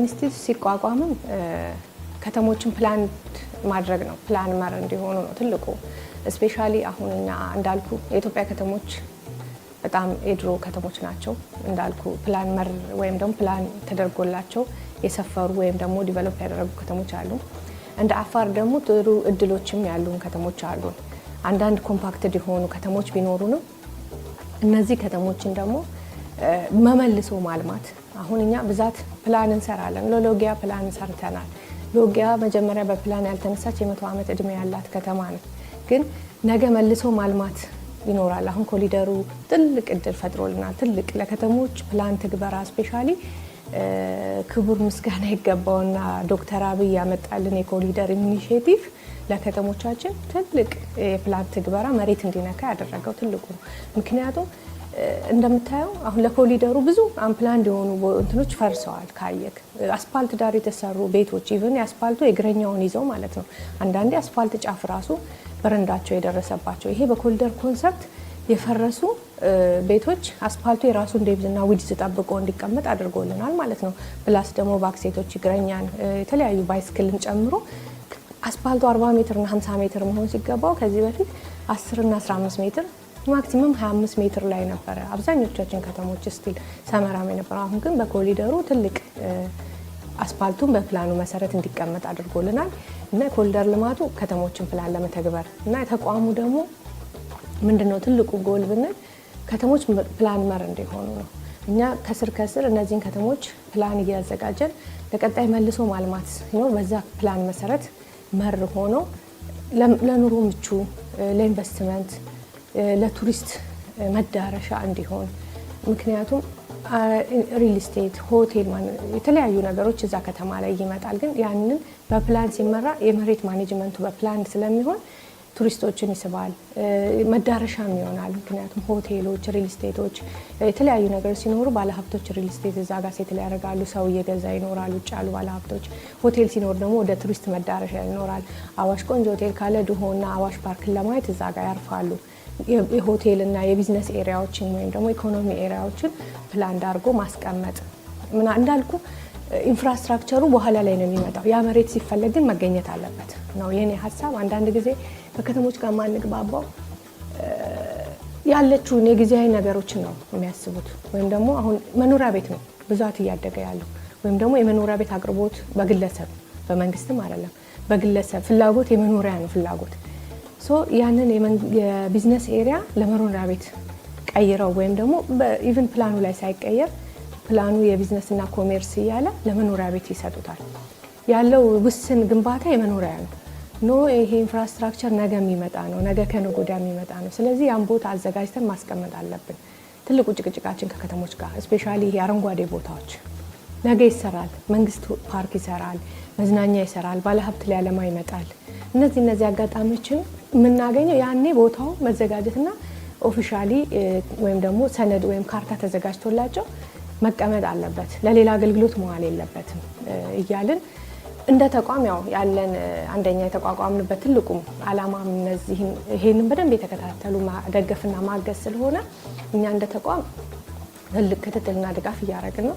ኢንስቲትዩት ሲቋቋምም ከተሞችን ፕላን ማድረግ ነው፣ ፕላን መር እንዲሆኑ ነው ትልቁ። እስፔሻሊ አሁን እኛ እንዳልኩ የኢትዮጵያ ከተሞች በጣም የድሮ ከተሞች ናቸው እንዳልኩ ፕላን መር ወይም ደግሞ ፕላን ተደርጎላቸው የሰፈሩ ወይም ደግሞ ዲቨሎፕ ያደረጉ ከተሞች አሉ። እንደ አፋር ደግሞ ጥሩ እድሎችም ያሉን ከተሞች አሉ። አንዳንድ ኮምፓክትድ የሆኑ ከተሞች ነው እነዚህ ከተሞችን ደግሞ መመልሶ ማልማት አሁን እኛ ብዛት ፕላን እንሰራለን። ለሎጊያ ፕላን ሰርተናል። ሎጊያ መጀመሪያ በፕላን ያልተነሳች የመቶ ዓመት እድሜ ያላት ከተማ ነው። ግን ነገ መልሶ ማልማት ይኖራል። አሁን ኮሊደሩ ትልቅ እድል ፈጥሮልናል። ትልቅ ለከተሞች ፕላን ትግበራ ስፔሻሊ ክቡር ምስጋና ይገባውና ዶክተር አብይ ያመጣልን የኮሊደር ኢኒሽቲቭ ለከተሞቻችን ትልቅ የፕላን ትግበራ መሬት እንዲነካ ያደረገው ትልቁ ነው። ምክንያቱም እንደምታየው አሁን ለኮሊደሩ ብዙ አምፕላንድ የሆኑ እንትኖች ፈርሰዋል። ካየክ አስፓልት ዳር የተሰሩ ቤቶች ኢቨን የአስፓልቱ የእግረኛውን ይዘው ማለት ነው። አንዳንዴ አስፓልት ጫፍ ራሱ በረንዳቸው የደረሰባቸው ይሄ በኮሊደር ኮንሰፕት የፈረሱ ቤቶች አስፓልቱ የራሱን ዴብዝና ዊድዝ ጠብቆ እንዲቀመጥ አድርጎልናል ማለት ነው። ፕላስ ደግሞ ባክሴቶች እግረኛን የተለያዩ ባይስክልን ጨምሮ አስፓልቱ 40 ሜትርና 50 ሜትር መሆን ሲገባው ከዚህ በፊት 10ና 15 ሜትር ማክሲመም 25 ሜትር ላይ ነበረ አብዛኞቻችን ከተሞች ስቲል ሰመራም የነበረው። አሁን ግን በኮሊደሩ ትልቅ አስፓልቱን በፕላኑ መሰረት እንዲቀመጥ አድርጎልናል እና የኮሊደር ልማቱ ከተሞችን ፕላን ለመተግበር እና የተቋሙ ደግሞ ምንድነው ትልቁ ጎል ብንል ከተሞች ፕላን መር እንዲሆኑ ነው። እኛ ከስር ከስር እነዚህን ከተሞች ፕላን እያዘጋጀን ለቀጣይ መልሶ ማልማት ሲኖር በዛ ፕላን መሰረት መር ሆኖ ለኑሮ ምቹ ለኢንቨስትመንት ለቱሪስት መዳረሻ እንዲሆን ምክንያቱም ሪል ስቴት፣ ሆቴል፣ የተለያዩ ነገሮች እዛ ከተማ ላይ ይመጣል። ግን ያንን በፕላን ሲመራ የመሬት ማኔጅመንቱ በፕላን ስለሚሆን ቱሪስቶችን ይስባል፣ መዳረሻም ይሆናል። ምክንያቱም ሆቴሎች፣ ሪል ስቴቶች፣ የተለያዩ ነገሮች ሲኖሩ ባለሀብቶች ሪል ስቴት እዛ ጋር ሴትል ያደርጋሉ። ሰው እየገዛ ይኖራል። ውጭ ያሉ ባለሀብቶች ሆቴል ሲኖር ደግሞ ወደ ቱሪስት መዳረሻ ይኖራል። አዋሽ ቆንጆ ሆቴል ካለ ድሆና አዋሽ ፓርክን ለማየት እዛ ጋር ያርፋሉ። የሆቴል እና የቢዝነስ ኤሪያዎችን ወይም ደግሞ ኢኮኖሚ ኤሪያዎችን ፕላን ዳርጎ ማስቀመጥ ምና እንዳልኩ ኢንፍራስትራክቸሩ በኋላ ላይ ነው የሚመጣው። ያ መሬት ሲፈለግ ግን መገኘት አለበት ነው የኔ ሀሳብ። አንዳንድ ጊዜ ከከተሞች ጋር ማንግባባው ያለችውን የጊዜያዊ ነገሮችን ነው የሚያስቡት፣ ወይም ደግሞ አሁን መኖሪያ ቤት ነው ብዛት እያደገ ያለው ወይም ደግሞ የመኖሪያ ቤት አቅርቦት በግለሰብ በመንግስትም አይደለም፣ በግለሰብ ፍላጎት የመኖሪያ ነው ፍላጎት ሶ ያንን የቢዝነስ ኤሪያ ለመኖሪያ ቤት ቀይረው ወይም ደግሞ ኢቨን ፕላኑ ላይ ሳይቀየር ፕላኑ የቢዝነስና ኮሜርስ እያለ ለመኖሪያ ቤት ይሰጡታል። ያለው ውስን ግንባታ የመኖሪያ ነው። ኖ ይሄ ኢንፍራስትራክቸር ነገ የሚመጣ ነው፣ ነገ ከነጎዳ የሚመጣ ነው። ስለዚህ ያን ቦታ አዘጋጅተን ማስቀመጥ አለብን። ትልቁ ጭቅጭቃችን ከከተሞች ጋር እስፔሻሊ ይሄ አረንጓዴ ቦታዎች ነገ ይሰራል፣ መንግስት ፓርክ ይሰራል፣ መዝናኛ ይሰራል፣ ባለሀብት ሊያለማ ይመጣል። እነዚህ እነዚህ አጋጣሚዎችን የምናገኘው ያኔ ቦታው መዘጋጀትና ኦፊሻሊ ወይም ደግሞ ሰነድ ወይም ካርታ ተዘጋጅቶላቸው መቀመጥ አለበት፣ ለሌላ አገልግሎት መዋል የለበትም እያልን እንደ ተቋም ያው ያለን አንደኛ የተቋቋምንበት ትልቁም አላማ እነዚህን ይሄንን በደንብ የተከታተሉ መደገፍና ማገዝ ስለሆነ እኛ እንደ ተቋም ትልቅ ክትትልና ድጋፍ እያደረግን ነው።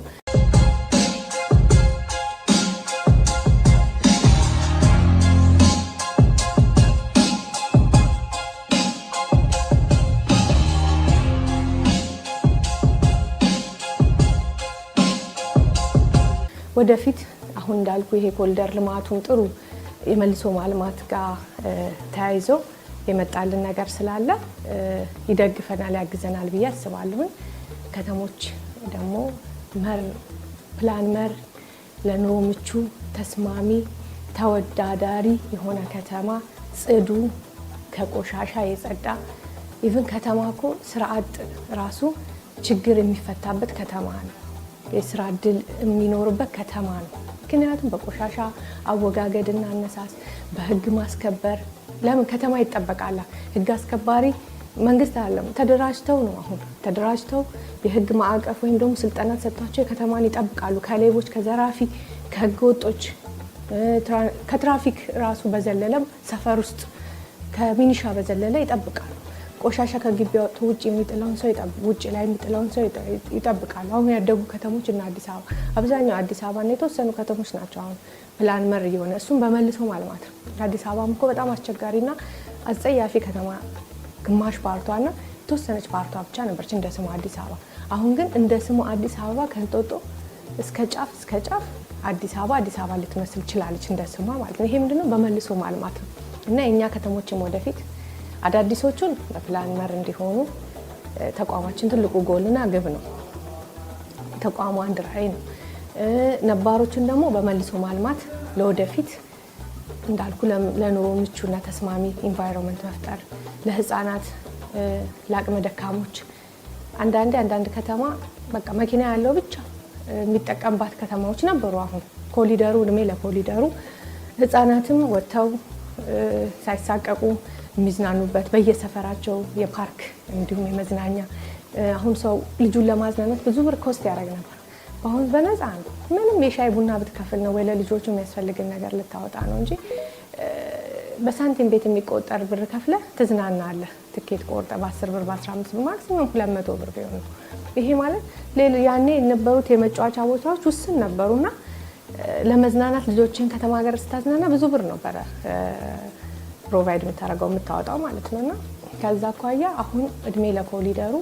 ወደፊት አሁን እንዳልኩ ይሄ ኮሪደር ልማቱን ጥሩ የመልሶ ማልማት ጋር ተያይዞ የመጣልን ነገር ስላለ ይደግፈናል፣ ያግዘናል ብዬ አስባለሁኝ። ከተሞች ደግሞ መር ፕላን መር ለኑሮ ምቹ፣ ተስማሚ፣ ተወዳዳሪ የሆነ ከተማ ጽዱ፣ ከቆሻሻ የጸዳ ኢቭን ከተማ እኮ ስራ አጥ ራሱ ችግር የሚፈታበት ከተማ ነው። የስራ እድል የሚኖርበት ከተማ ነው። ምክንያቱም በቆሻሻ አወጋገድና አነሳስ፣ በህግ ማስከበር ለምን ከተማ ይጠበቃላ። ህግ አስከባሪ መንግስት አለም ተደራጅተው ነው። አሁን ተደራጅተው የህግ ማዕቀፍ ወይም ደግሞ ስልጠና ተሰጥቷቸው ከተማን ይጠብቃሉ ከሌቦች፣ ከዘራፊ፣ ከህገ ወጦች፣ ከትራፊክ ራሱ በዘለለም ሰፈር ውስጥ ከሚኒሻ በዘለለ ይጠብቃሉ። ቆሻሻ ከግቢ ወጥቶ ውጭ የሚጥለውን ሰው ውጭ ላይ የሚጥለውን ሰው ይጠብቃሉ። አሁን ያደጉ ከተሞች እና አዲስ አበባ አብዛኛው አዲስ አበባ እና የተወሰኑ ከተሞች ናቸው አሁን ፕላን መር የሆነ እሱም በመልሶ ማልማት ነው። አዲስ አበባም እኮ በጣም አስቸጋሪና አጸያፊ ከተማ ግማሽ ፓርቷና የተወሰነች ፓርቷ ብቻ ነበረች እንደ ስሙ አዲስ አበባ። አሁን ግን እንደ ስሙ አዲስ አበባ ከንጦጦ እስከ ጫፍ እስከ ጫፍ አዲስ አበባ አዲስ አበባ ልትመስል ችላለች እንደ ስሟ ማለት ነው። ይሄ ምንድነው በመልሶ ማልማት ነው እና የእኛ ከተሞችም ወደፊት አዳዲሶቹን በፕላንመር እንዲሆኑ ተቋማችን ትልቁ ጎልና ግብ ነው። ተቋሙ አንድ ራዕይ ነው። ነባሮችን ደግሞ በመልሶ ማልማት ለወደፊት እንዳልኩ ለኑሮ ምቹና ተስማሚ ኢንቫይሮንመንት መፍጠር ለህፃናት፣ ለአቅመ ደካሞች አንዳንዴ አንዳንድ ከተማ በቃ መኪና ያለው ብቻ የሚጠቀምባት ከተማዎች ነበሩ። አሁን ኮሊደሩ እድሜ ለኮሊደሩ ህፃናትም ወጥተው ሳይሳቀቁ የሚዝናኑበት በየሰፈራቸው የፓርክ እንዲሁም የመዝናኛ አሁን ሰው ልጁን ለማዝናናት ብዙ ብር ኮስት ያደረግ ነበር። በአሁኑ በነፃ ምንም የሻይ ቡና ብትከፍል ነው ወይ ለልጆቹ የሚያስፈልግን ነገር ልታወጣ ነው እንጂ በሳንቲም ቤት የሚቆጠር ብር ከፍለ ትዝናና አለ። ትኬት ቆርጠ በ10 ብር በ15 ብር ማክሲመም 200 ብር ቢሆን ነው። ይሄ ማለት ያኔ የነበሩት የመጫወቻ ቦታዎች ውስን ነበሩና ለመዝናናት ልጆችን ከተማ ሀገር ስታዝናና ብዙ ብር ነበረ ፕሮቫይድ የምታደርገው የምታወጣው ማለት ነው። እና ከዛ አኳያ አሁን እድሜ ለኮሊደሩ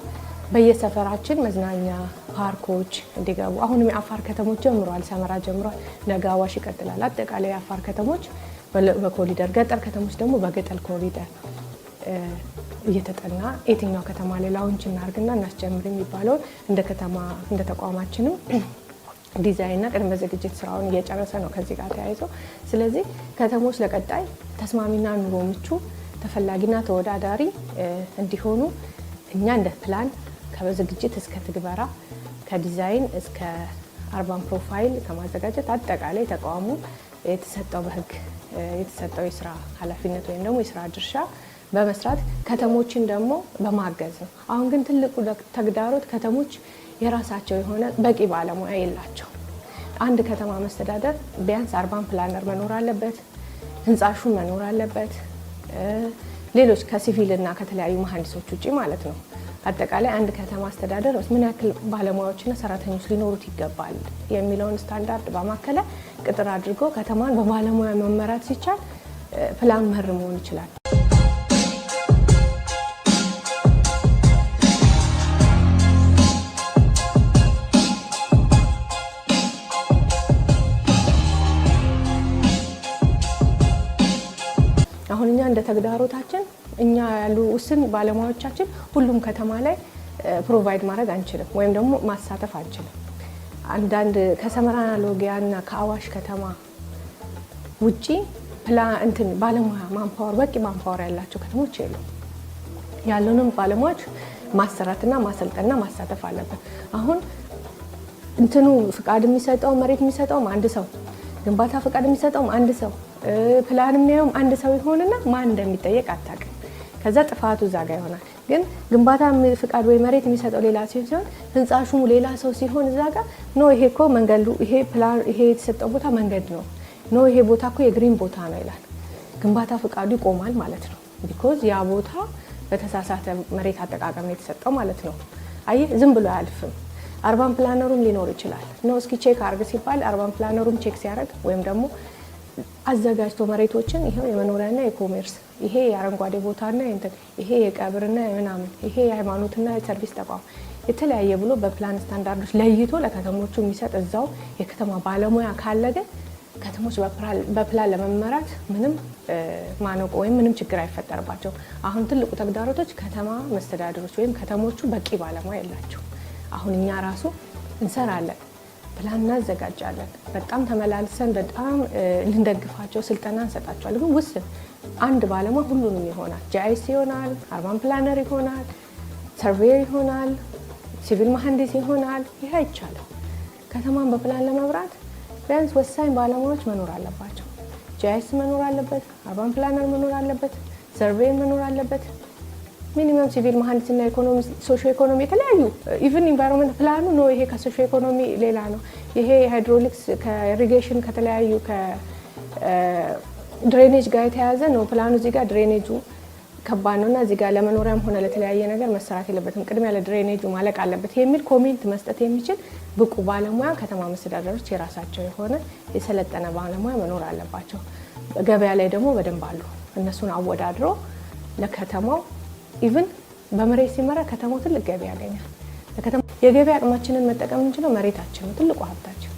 በየሰፈራችን መዝናኛ ፓርኮች እንዲገቡ አሁንም የአፋር ከተሞች ጀምሯል፣ ሰመራ ጀምሯል፣ ነገ አዋሽ ይቀጥላል። አጠቃላይ የአፋር ከተሞች በኮሪደር ገጠር ከተሞች ደግሞ በገጠር ኮሪደር እየተጠና የትኛው ከተማ ላይ ላውንች እናርግና እናስጀምር የሚባለውን እንደ ከተማ እንደ ተቋማችንም ዲዛይንና ቅድመ ዝግጅት ስራውን እየጨረሰ ነው ከዚህ ጋር ተያይዞ። ስለዚህ ከተሞች ለቀጣይ ተስማሚና ኑሮ ምቹ ተፈላጊና ተወዳዳሪ እንዲሆኑ እኛ እንደ ፕላን ከዝግጅት እስከ ትግበራ ከዲዛይን እስከ አርባን ፕሮፋይል ከማዘጋጀት አጠቃላይ ተቋሙ የተሰጠው በህግ የተሰጠው የስራ ኃላፊነት ወይም ደግሞ የስራ ድርሻ በመስራት ከተሞችን ደግሞ በማገዝ ነው። አሁን ግን ትልቁ ተግዳሮት ከተሞች የራሳቸው የሆነ በቂ ባለሙያ የላቸው። አንድ ከተማ መስተዳደር ቢያንስ አርባን ፕላነር መኖር አለበት፣ ህንፃ መኖር አለበት፣ ሌሎች ከሲቪል እና ከተለያዩ መሀንዲሶች ውጭ ማለት ነው። አጠቃላይ አንድ ከተማ አስተዳደር ምን ያክል ባለሙያዎችና ሰራተኞች ሊኖሩት ይገባል የሚለውን ስታንዳርድ በማከለ ቅጥር አድርጎ ከተማን በባለሙያ መመራት ሲቻል ፕላን መር መሆን ይችላል። እንደ ተግዳሮታችን እኛ ያሉ ውስን ባለሙያዎቻችን ሁሉም ከተማ ላይ ፕሮቫይድ ማድረግ አንችልም ወይም ደግሞ ማሳተፍ አንችልም። አንዳንድ ከሰመራና ሎጊያና ከአዋሽ ከተማ ውጪ እንትን ባለሙያ ማንፓወር በቂ ማንፓወር ያላቸው ከተሞች የሉም። ያሉንም ባለሙያዎች ማሰራትና ማሰልጠንና ማሳተፍ አለበት። አሁን እንትኑ ፍቃድ የሚሰጠውም መሬት የሚሰጠውም አንድ ሰው፣ ግንባታ ፍቃድ የሚሰጠውም አንድ ሰው ፕላን የሚያየውም አንድ ሰው ይሆንና ማን እንደሚጠየቅ አታውቅም። ከዛ ጥፋቱ እዛ ጋ ይሆናል። ግን ግንባታ ፍቃድ ወይ መሬት የሚሰጠው ሌላ ሲሆን ሲሆን ህንፃ ሹሙ ሌላ ሰው ሲሆን እዛ ጋ ኖ ይሄ እኮ መንገዱ ይሄ ፕላን ይሄ የተሰጠው ቦታ መንገድ ነው፣ ኖ ይሄ ቦታ እኮ የግሪን ቦታ ነው ይላል። ግንባታ ፍቃዱ ይቆማል ማለት ነው። ቢኮዝ ያ ቦታ በተሳሳተ መሬት አጠቃቀም ነው የተሰጠው ማለት ነው። አየ ዝም ብሎ አያልፍም። አርባን ፕላነሩም ሊኖር ይችላል። ኖ እስኪ ቼክ አርግ ሲባል አርባን ፕላነሩም ቼክ ሲያደርግ ወይም ደግሞ አዘጋጅቶ መሬቶችን ይሄው የመኖሪያና የኮሜርስ ይሄ የአረንጓዴ ቦታና እንትን ይሄ የቀብርና የምናምን ይሄ የሃይማኖትና የሰርቪስ ተቋም የተለያየ ብሎ በፕላን ስታንዳርዶች ለይቶ ለከተሞቹ የሚሰጥ እዛው የከተማ ባለሙያ ካለ ግን ከተሞች በፕላን ለመመራት ምንም ማነቆ ወይም ምንም ችግር አይፈጠርባቸው። አሁን ትልቁ ተግዳሮቶች ከተማ መስተዳድሮች ወይም ከተሞቹ በቂ ባለሙያ የላቸው። አሁን እኛ ራሱ እንሰራለን ፕላን እናዘጋጃለን። በጣም ተመላልሰን በጣም ልንደግፋቸው ስልጠና እንሰጣቸዋል ግን ውስን አንድ ባለሙያ ሁሉንም ይሆናል። ጂአይስ ይሆናል፣ አርባን ፕላነር ይሆናል፣ ሰርቬየር ይሆናል፣ ሲቪል መሐንዲስ ይሆናል። ይህ አይቻልም። ከተማን በፕላን ለመብራት ቢያንስ ወሳኝ ባለሙያዎች መኖር አለባቸው። ጂአይስ መኖር አለበት፣ አርባን ፕላነር መኖር አለበት፣ ሰርቬየር መኖር አለበት። ሚኒመም ሲቪል መሀንዲስና ኢኮኖሚ ሶሾ ኢኮኖሚ የተለያዩ ኢቨን ኢንቫይሮንመንት ፕላኑ ነው። ይሄ ከሶሾ ኢኮኖሚ ሌላ ነው። ይሄ ሃይድሮሊክስ ከኢሪጌሽን ከተለያዩ ከድሬኔጅ uh, ጋር የተያያዘ ነው ፕላኑ። እዚህ ጋር ድሬኔጁ ከባድ ነው እና እዚህ ጋር ለመኖሪያም ሆነ ለተለያየ ነገር መሰራት የለበትም፣ ቅድሚያ ለድሬኔጁ ማለቅ አለበት የሚል ኮሜንት መስጠት የሚችል ብቁ ባለሙያ ከተማ መስተዳደሮች የራሳቸው የሆነ የሰለጠነ ባለሙያ መኖር አለባቸው። ገበያ ላይ ደግሞ በደንብ አሉ። እነሱን አወዳድሮ ለከተማው ኢቭን በመሬት ሲመራ ከተማው ትልቅ ገቢ ያገኛል። የገቢ አቅማችንን መጠቀም የምንችለው መሬታችን ነው ትልቁ ሀብታችን።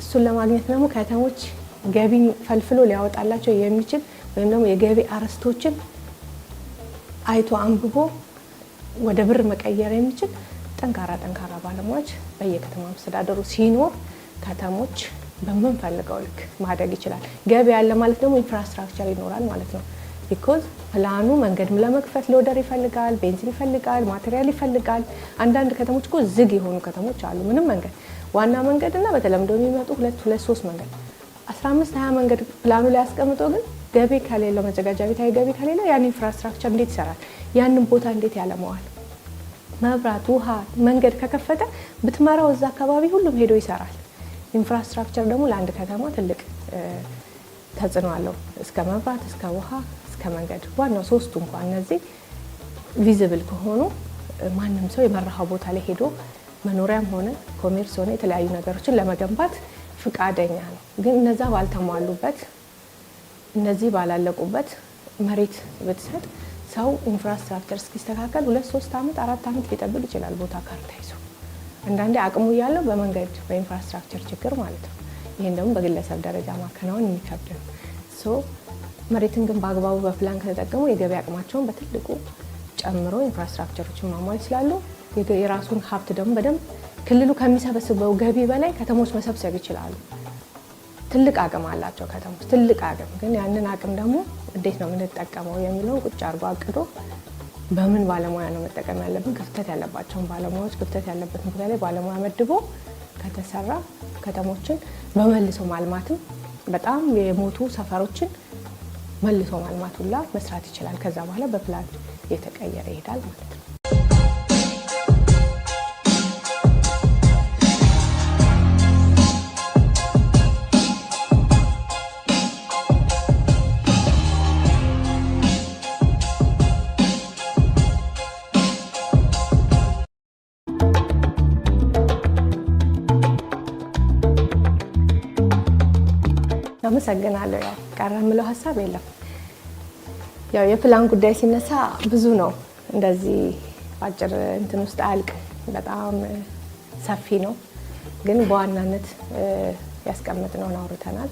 እሱን ለማግኘት ደግሞ ከተሞች ገቢ ፈልፍሎ ሊያወጣላቸው የሚችል ወይም ደግሞ የገቢ አርዕስቶችን አይቶ አንብቦ ወደ ብር መቀየር የሚችል ጠንካራ ጠንካራ ባለሙያዎች በየከተማ መስተዳደሩ ሲኖር ከተሞች በምንፈልገው ልክ ማደግ ይችላል። ገቢ ያለ ማለት ደግሞ ኢንፍራስትራክቸር ይኖራል ማለት ነው። ቢኮዝ ፕላኑ መንገድም ለመክፈት ሎደር ይፈልጋል፣ ቤንዚን ይፈልጋል፣ ማቴሪያል ይፈልጋል። አንዳንድ ከተሞች እኮ ዝግ የሆኑ ከተሞች አሉ። ምንም መንገድ ዋና መንገድ እና በተለምዶ የሚመጡ ሁለት ሁለት ሶስት መንገድ 15 20 መንገድ ፕላኑ ላይ አስቀምጦ ግን ገቢ ከሌለው መዘጋጃ ቤታዊ ገቢ ከሌለው ያን ኢንፍራስትራክቸር እንዴት ይሰራል? ያንን ቦታ እንዴት ያለመዋል? መብራት፣ ውሃ፣ መንገድ ከከፈተ ብትመራው እዛ አካባቢ ሁሉም ሄዶ ይሰራል። ኢንፍራስትራክቸር ደግሞ ለአንድ ከተማ ትልቅ ተጽዕኖ አለው። እስከ መብራት እስከ ውሃ ከመንገድ ዋናው ሶስቱ እንኳን እነዚህ ቪዚብል ከሆኑ ማንም ሰው የመራሃው ቦታ ላይ ሄዶ መኖሪያም ሆነ ኮሜርስ ሆነ የተለያዩ ነገሮችን ለመገንባት ፍቃደኛ ነው። ግን እነዛ ባልተሟሉበት፣ እነዚህ ባላለቁበት መሬት ብትሰጥ ሰው ኢንፍራስትራክቸር እስኪስተካከል ሁለት ሶስት ዓመት አራት ዓመት ሊጠብቅ ይችላል። ቦታ ካርታ ይዞ አንዳንዴ አቅሙ እያለው በመንገድ በኢንፍራስትራክቸር ችግር ማለት ነው። ይህን ደግሞ በግለሰብ ደረጃ ማከናወን የሚከብድ ነው። መሬትን ግን በአግባቡ በፕላን ከተጠቀሙ የገቢ አቅማቸውን በትልቁ ጨምሮ ኢንፍራስትራክቸሮችን ማሟል ይችላሉ። የራሱን ሀብት ደግሞ በደንብ ክልሉ ከሚሰበስበው ገቢ በላይ ከተሞች መሰብሰብ ይችላሉ። ትልቅ አቅም አላቸው ከተሞች፣ ትልቅ አቅም ግን ያንን አቅም ደግሞ እንዴት ነው የምንጠቀመው የሚለውን ቁጭ አድርጎ አቅዶ በምን ባለሙያ ነው መጠቀም ያለብን፣ ክፍተት ያለባቸውን ባለሙያዎች፣ ክፍተት ያለበት ቦታ ላይ ባለሙያ መድቦ ከተሰራ ከተሞችን በመልሶ ማልማትም በጣም የሞቱ ሰፈሮችን መልሶ ማልማቱላ መስራት ይችላል። ከዛ በኋላ በፕላን እየተቀየረ ይሄዳል ማለት ነው። አመሰግናለሁ። ያው ቀረ የምለው ሀሳብ የለም። ያው የፕላን ጉዳይ ሲነሳ ብዙ ነው። እንደዚህ በአጭር እንትን ውስጥ አልቅ በጣም ሰፊ ነው። ግን በዋናነት ያስቀመጥነውን አውርተናል።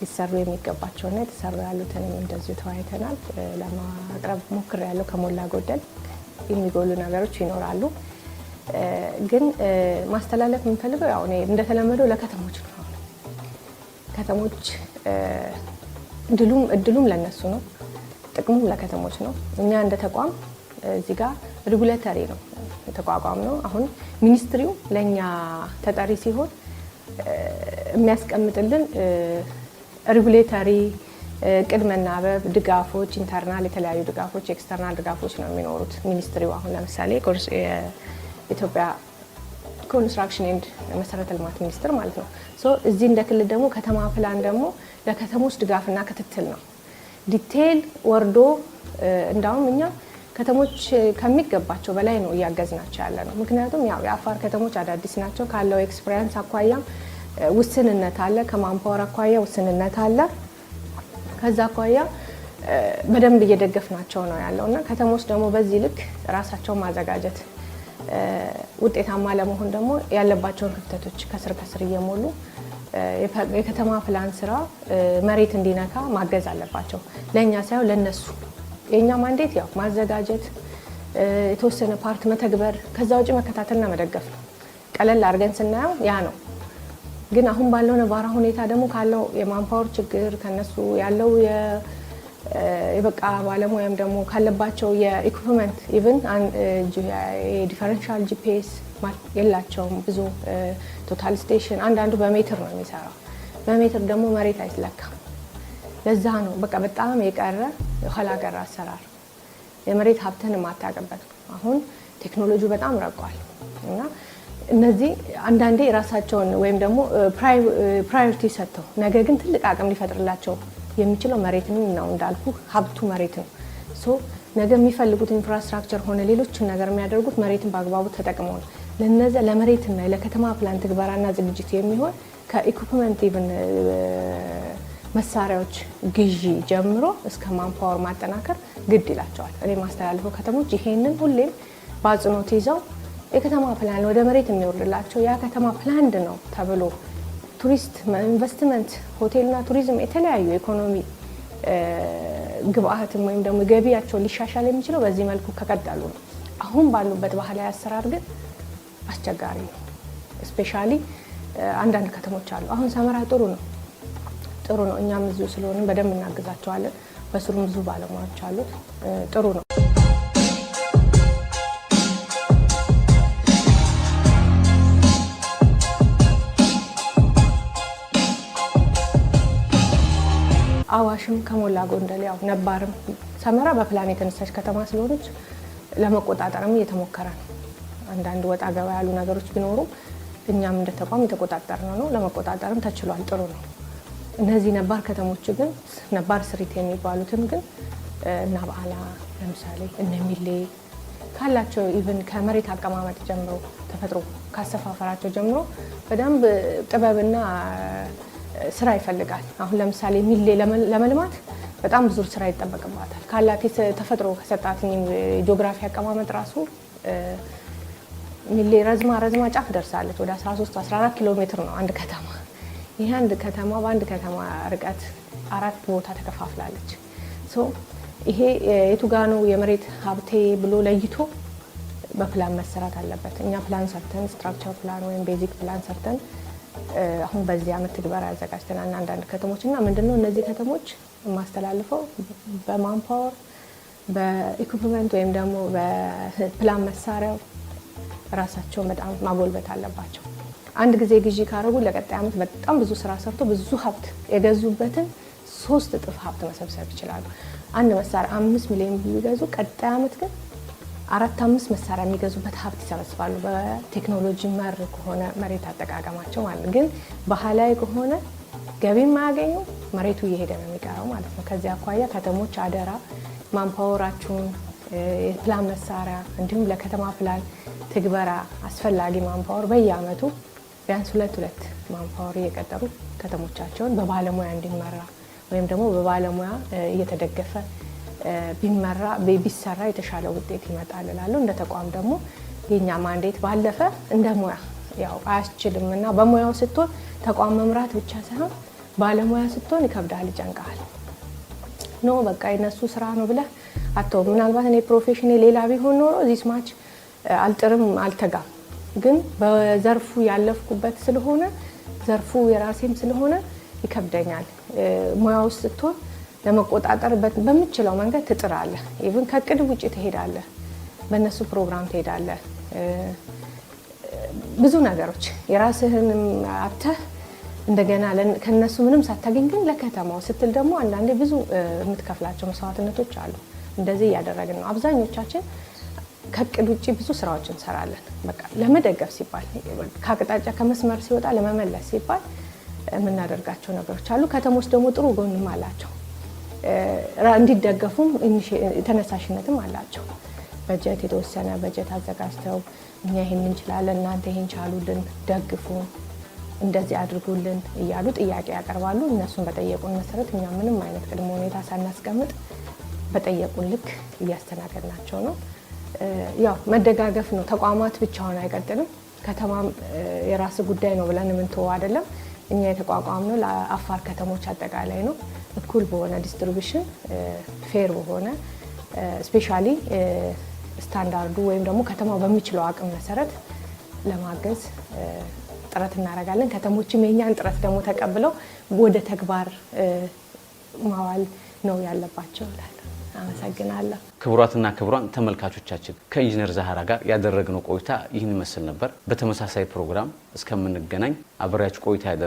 ሊሰሩ የሚገባቸውና የተሰሩ ያሉትንም እንደዚሁ ተወያይተናል። ለማቅረብ ያለው ከሞላ ጎደል የሚጎሉ ነገሮች ይኖራሉ። ግን ማስተላለፍ የምንፈልገው ያው እኔ እንደተለመደው ለከተሞች ነው ከተሞች እድሉም ለነሱ ነው፣ ጥቅሙም ለከተሞች ነው። እኛ እንደ ተቋም እዚህ ጋር ሬጉሌተሪ ነው የተቋቋም ነው። አሁን ሚኒስትሪው ለእኛ ተጠሪ ሲሆን የሚያስቀምጥልን ሬጉሌተሪ ቅድመ ናበብ ድጋፎች፣ ኢንተርናል የተለያዩ ድጋፎች፣ ኤክስተርናል ድጋፎች ነው የሚኖሩት። ሚኒስትሪው አሁን ለምሳሌ ኢትዮጵያ ኮንስትራክሽን ኤንድ መሰረተ ልማት ሚኒስቴር ማለት ነው። እዚህ እንደ ክልል ደግሞ ከተማ ፕላን ደግሞ ለከተሞች ድጋፍና ክትትል ነው። ዲቴይል ወርዶ እንዳውም እኛ ከተሞች ከሚገባቸው በላይ ነው እያገዝናቸው ያለ ነው። ምክንያቱም ያው የአፋር ከተሞች አዳዲስ ናቸው። ካለው ኤክስፔሪንስ አኳያ ውስንነት አለ፣ ከማንፓወር አኳያ ውስንነት አለ። ከዛ አኳያ በደንብ እየደገፍናቸው ነው ያለው እና ከተሞች ደግሞ በዚህ ልክ ራሳቸውን ማዘጋጀት ውጤታማ ለመሆን ደግሞ ያለባቸውን ክፍተቶች ከስር ከስር እየሞሉ የከተማ ፕላን ስራ መሬት እንዲነካ ማገዝ አለባቸው። ለእኛ ሳይሆን ለነሱ። የእኛ ማንዴት ያው ማዘጋጀት፣ የተወሰነ ፓርት መተግበር፣ ከዛ ውጭ መከታተልና መደገፍ ነው። ቀለል አድርገን ስናየው ያ ነው። ግን አሁን ባለው ነባራ ሁኔታ ደግሞ ካለው የማንፓወር ችግር ከነሱ ያለው የበቃ ባለሙያም ደግሞ ካለባቸው የኢኩፕመንት ኢቭን የዲፈረንሻል ጂፒኤስ የላቸውም ብዙ ቶታል ስቴሽን አንዳንዱ በሜትር ነው የሚሰራው። በሜትር ደግሞ መሬት አይስለካም። ለዛ ነው በቃ በጣም የቀረ የኋላ ቀር አሰራር የመሬት ሀብትን የማታውቅበት ነው። አሁን ቴክኖሎጂ በጣም ረቋል እና እነዚህ አንዳንዴ የራሳቸውን ወይም ደግሞ ፕራዮሪቲ ሰጥተው ነገ ግን ትልቅ አቅም ሊፈጥርላቸው የሚችለው መሬት ነው እንዳልኩ ሀብቱ መሬት ነው። ነገ የሚፈልጉት ኢንፍራስትራክቸር ሆነ ሌሎችን ነገር የሚያደርጉት መሬትን በአግባቡ ተጠቅመው ነው። ለነዚያ ለመሬትና ለከተማ ፕላን ትግበራና ዝግጅት የሚሆን ከኢኩፕመንት ኢቭን መሳሪያዎች ግዢ ጀምሮ እስከ ማንፓወር ማጠናከር ግድ ይላቸዋል። እኔ ማስተላለፈው ከተሞች ይሄንን ሁሌም በአጽንኦት ይዘው የከተማ ፕላን ወደ መሬት የሚወርድላቸው ያ ከተማ ፕላንድ ነው ተብሎ ቱሪስት ኢንቨስትመንት፣ ሆቴልና ቱሪዝም የተለያዩ ኢኮኖሚ ግብአትም ወይም ደግሞ ገቢያቸውን ሊሻሻል የሚችለው በዚህ መልኩ ከቀጠሉ ነው። አሁን ባሉበት ባህላዊ አሰራር ግን አስቸጋሪ ነው። እስፔሻሊ አንዳንድ ከተሞች አሉ። አሁን ሰመራ ጥሩ ነው ጥሩ ነው። እኛም እዚሁ ስለሆነ በደንብ እናግዛቸዋለን። በስሩም ብዙ ባለሙያዎች አሉት። ጥሩ ነው። አዋሽም ከሞላ ጎንደል ያው ነባርም ሰመራ በፕላን የተነሳች ከተማ ስለሆነች ለመቆጣጠርም እየተሞከረ ነው። አንዳንድ ወጣ ገባ ያሉ ነገሮች ቢኖሩም እኛም እንደ ተቋም የተቆጣጠር ነው ነው ለመቆጣጠርም ተችሏል። ጥሩ ነው። እነዚህ ነባር ከተሞች ግን ነባር ስሪት የሚባሉትም ግን እና በዓላ ለምሳሌ እነ ሚሌ ካላቸው ኢቨን ከመሬት አቀማመጥ ጀምሮ ተፈጥሮ ካሰፋፈራቸው ጀምሮ በደንብ ጥበብና ስራ ይፈልጋል። አሁን ለምሳሌ ሚሌ ለመልማት በጣም ብዙ ስራ ይጠበቅባታል። ካላት ተፈጥሮ ከሰጣት ጂኦግራፊ አቀማመጥ ራሱ ሚሌ ረዝማ ረዝማ ጫፍ ደርሳለች። ወደ 13 14 ኪሎ ሜትር ነው አንድ ከተማ። ይህ አንድ ከተማ በአንድ ከተማ ርቀት አራት ቦታ ተከፋፍላለች። ይሄ የቱ ጋ ነው የመሬት ሀብቴ ብሎ ለይቶ በፕላን መሰራት አለበት። እኛ ፕላን ሰርተን ስትራክቸር ፕላን ወይም ቤዚክ ፕላን ሰርተን አሁን በዚህ አመት ትግበራ ያዘጋጅተናል አንዳንድ ከተሞች እና ምንድነው እነዚህ ከተሞች የማስተላልፈው በማንፓወር በኢኩፕመንት ወይም ደግሞ በፕላን መሳሪያው ራሳቸውን በጣም ማጎልበት አለባቸው። አንድ ጊዜ ግዢ ካደረጉ ለቀጣይ ዓመት በጣም ብዙ ስራ ሰርቶ ብዙ ሀብት የገዙበትን ሶስት እጥፍ ሀብት መሰብሰብ ይችላሉ። አንድ መሳሪያ አምስት ሚሊዮን ቢገዙ ቀጣይ ዓመት ግን አራት አምስት መሳሪያ የሚገዙበት ሀብት ይሰበስባሉ። በቴክኖሎጂ መር ከሆነ መሬት አጠቃቀማቸው ማለት ግን ባህላዊ ከሆነ ገቢ የማያገኙ መሬቱ እየሄደ ነው የሚቀረው ማለት ነው። ከዚህ አኳያ ከተሞች አደራ ማንፓወራችሁን የፕላን መሳሪያ እንዲሁም ለከተማ ፕላን ትግበራ አስፈላጊ ማንፓወር በየአመቱ ቢያንስ ሁለት ሁለት ማንፓወር እየቀጠሩ ከተሞቻቸውን በባለሙያ እንዲመራ ወይም ደግሞ በባለሙያ እየተደገፈ ቢመራ ቢሰራ የተሻለ ውጤት ይመጣል እላለሁ። እንደ ተቋም ደግሞ የኛ ማንዴት ባለፈ እንደ ሙያ ያው አያስችልም እና በሙያው ስትሆን ተቋም መምራት ብቻ ሳይሆን ባለሙያ ስትሆን ይከብዳል፣ ይጨንቃል። ኖ በቃ የነሱ ስራ ነው ብለህ አቶ ምናልባት እኔ ፕሮፌሽኔ ሌላ ቢሆን ኖሮ እዚህ ማች አልጥርም አልተጋም። ግን በዘርፉ ያለፍኩበት ስለሆነ ዘርፉ የራሴም ስለሆነ ይከብደኛል ሙያ ውስጥ ስትሆን ለመቆጣጠር በምችለው መንገድ ትጥራለህ። ኢቭን ከቅድ ውጭ ትሄዳለህ፣ በእነሱ ፕሮግራም ትሄዳለህ። ብዙ ነገሮች የራስህንም አብተህ እንደገና ከነሱ ምንም ሳታገኝ ግን ለከተማው ስትል ደግሞ አንዳንዴ ብዙ የምትከፍላቸው መስዋዕትነቶች አሉ። እንደዚህ እያደረግን ነው። አብዛኞቻችን ከቅድ ውጭ ብዙ ስራዎች እንሰራለን። በቃ ለመደገፍ ሲባል ከአቅጣጫ ከመስመር ሲወጣ ለመመለስ ሲባል የምናደርጋቸው ነገሮች አሉ። ከተሞች ደግሞ ጥሩ ጎንም አላቸው። እንዲደገፉም ተነሳሽነትም አላቸው። በጀት የተወሰነ በጀት አዘጋጅተው እኛ ይህን እንችላለን፣ እናንተ ይህን ቻሉልን፣ ደግፉ፣ እንደዚህ አድርጉልን እያሉ ጥያቄ ያቀርባሉ። እነሱን በጠየቁን መሰረት እኛ ምንም አይነት ቅድመ ሁኔታ ሳናስቀምጥ በጠየቁን ልክ እያስተናገድናቸው ነው። ያው መደጋገፍ ነው። ተቋማት ብቻውን አይቀጥልም። ከተማም የራስ ጉዳይ ነው ብለን የምንተወው አይደለም። እኛ የተቋቋም ነው ለአፋር ከተሞች አጠቃላይ ነው። እኩል በሆነ ዲስትሪቢሽን ፌር በሆነ ስፔሻሊ ስታንዳርዱ ወይም ደግሞ ከተማው በሚችለው አቅም መሰረት ለማገዝ ጥረት እናደርጋለን። ከተሞችም የኛን ጥረት ደግሞ ተቀብለው ወደ ተግባር ማዋል ነው ያለባቸው። አመሰግናለሁ። ክቡራትና ክቡራን ተመልካቾቻችን ከኢንጂነር ዛህራ ጋር ያደረግነው ቆይታ ይህን ይመስል ነበር። በተመሳሳይ ፕሮግራም እስከምንገናኝ አብሬያችሁ ቆይታ